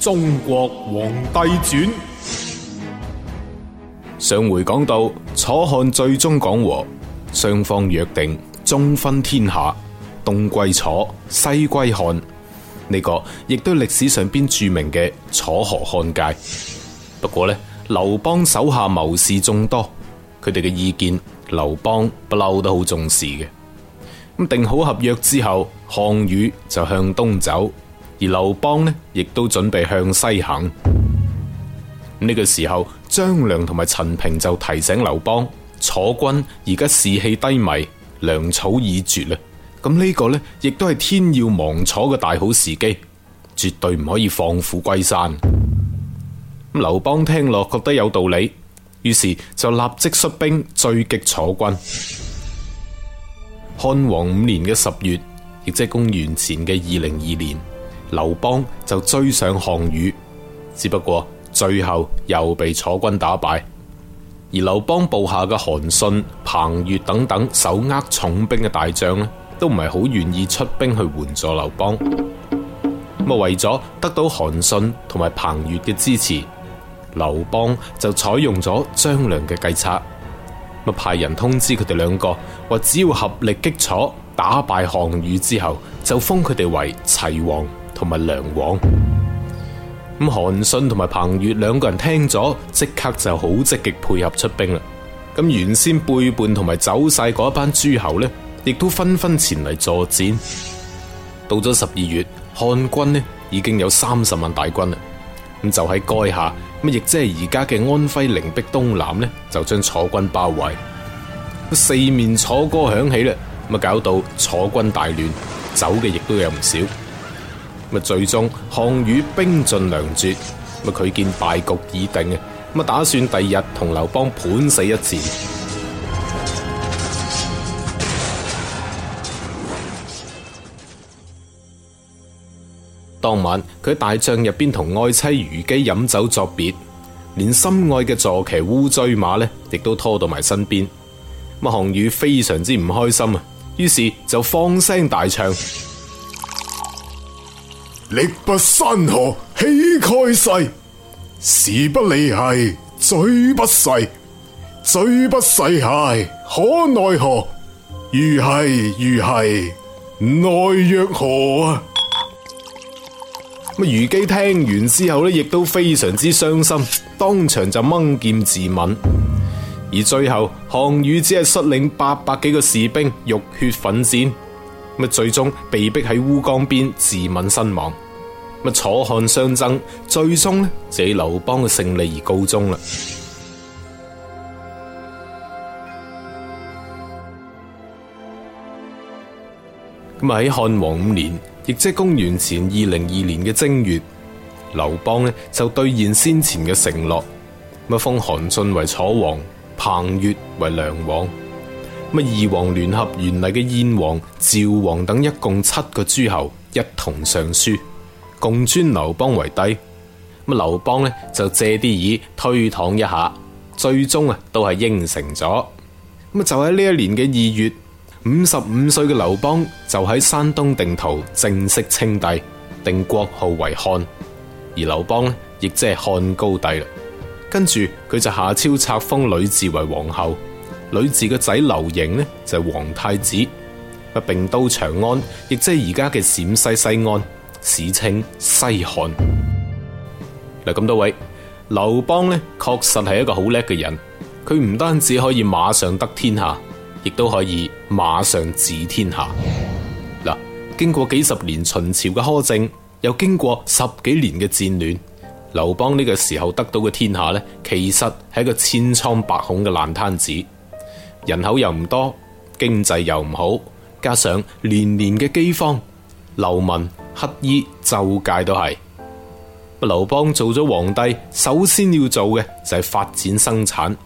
中國皇帝傳，上回講到楚漢最終講和，雙方約定中分天下，東歸楚，西歸漢。呢個亦都係歷史上邊著名嘅楚河漢界。不過呢，劉邦手下謀士眾多，佢哋嘅意見，劉邦不嬲都好重視嘅。咁定好合約之後，項羽就向東走。而劉邦呢，亦都準備向西行。呢、這個時候，張良同埋陳平就提醒劉邦：楚軍而家士氣低迷，糧草已絕啦。咁、這個、呢個呢，亦都係天要亡楚嘅大好時機，絕對唔可以放虎歸山。咁劉邦聽落覺得有道理，於是就立即率兵追擊楚軍。漢王五年嘅十月，亦即係公元前嘅二零二年。劉邦就追上項羽，只不過最後又被楚軍打敗。而劉邦部下嘅韓信、彭越等等手握重兵嘅大將都唔係好願意出兵去援助劉邦。咁啊，為咗得到韓信同埋彭越嘅支持，劉邦就採用咗張良嘅計策，咁派人通知佢哋兩個，話只要合力擊楚，打敗項羽之後，就封佢哋為齊王同埋梁王。咁韓信同埋彭越兩個人聽咗，即刻就好積極配合出兵啦。咁原先背叛同埋走晒嗰一班諸侯呢，亦都紛紛前嚟助戰。到咗十二月，漢軍呢已經有三十萬大軍啦。咁就喺垓下咁亦即係而家嘅安徽靈璧東南呢，就將楚軍包圍，四面楚歌響起啦。咁搞到楚軍大亂，走嘅亦都有唔少。咁最終項羽兵盡糧絕，咁佢見敗局已定啊，咁打算第二日同劉邦判死一戰。當晚佢喺大帳入邊同愛妻虞姬飲酒作別，連心愛嘅坐騎烏騅馬呢亦都拖到埋身邊。咁項羽非常之唔開心啊！於是就放聲大唱：力拔山河，氣蓋世；時不利係，騅不逝，騅不逝係，可奈何？虞係虞係，奈若何啊？虞姬聽完之後呢，亦都非常之傷心，當場就掹劍自刎。而最後，項羽只係率領八百幾個士兵浴血奮戰，咁最終被逼喺烏江邊自刎身亡。咁楚漢相爭最終呢，就以劉邦嘅勝利而告終啦。咁啊喺漢王五年，亦即係公元前二零二年嘅正月，劉邦呢就兌現先前嘅承諾，咁啊封韓信為楚王。彭越為梁王，乜二王聯合原嚟嘅燕王、趙王等一共七個諸侯，一同上書，共尊劉邦為帝。咁劉邦呢，就借啲意推搪一下，最終啊都係應承咗。咁就喺呢一年嘅二月，五十五歲嘅劉邦就喺山東定陶，正式稱帝，定國號為漢。而劉邦呢，亦即係漢高帝啦。跟住佢就下詔冊封呂雉為皇后，呂雉嘅仔劉盈呢就係、是、皇太子，佢並到長安，亦即係而家嘅陝西西安，史稱西漢。嗱咁多位，劉邦呢確實係一個好叻嘅人，佢唔單止可以馬上得天下，亦都可以馬上治天下。嗱，經過幾十年秦朝嘅苛政，又經過十幾年嘅戰亂。劉邦呢個時候得到嘅天下呢，其實係一個千瘡百孔嘅爛攤子，人口又唔多，經濟又唔好，加上連年嘅饑荒，流民、乞衣、周街都係。劉邦做咗皇帝，首先要做嘅就係發展生產。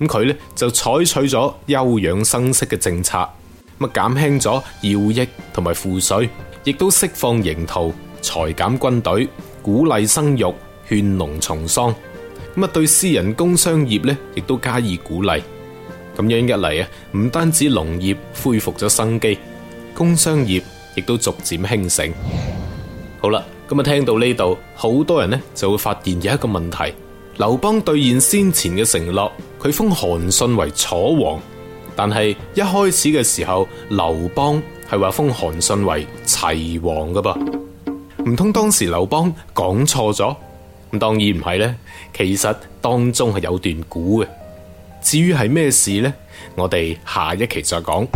咁佢呢，就採取咗休養生息嘅政策，咁啊減輕咗徭役同埋賦稅，亦都釋放刑徒，裁減軍隊，鼓勵生育。勸農重桑，咁啊對私人工商業咧，亦都加以鼓勵。咁樣一嚟啊，唔單止農業恢復咗生機，工商業亦都逐漸興盛。好啦，咁啊聽到呢度，好多人咧就會發現有一個問題：劉邦兌現先前嘅承諾，佢封韓信為楚王，但係一開始嘅時候，劉邦係話封韓信為齊王噶噃，唔通當時劉邦講錯咗？咁當然唔係咧，其實當中係有段古嘅。至於係咩事咧，我哋下一期再講。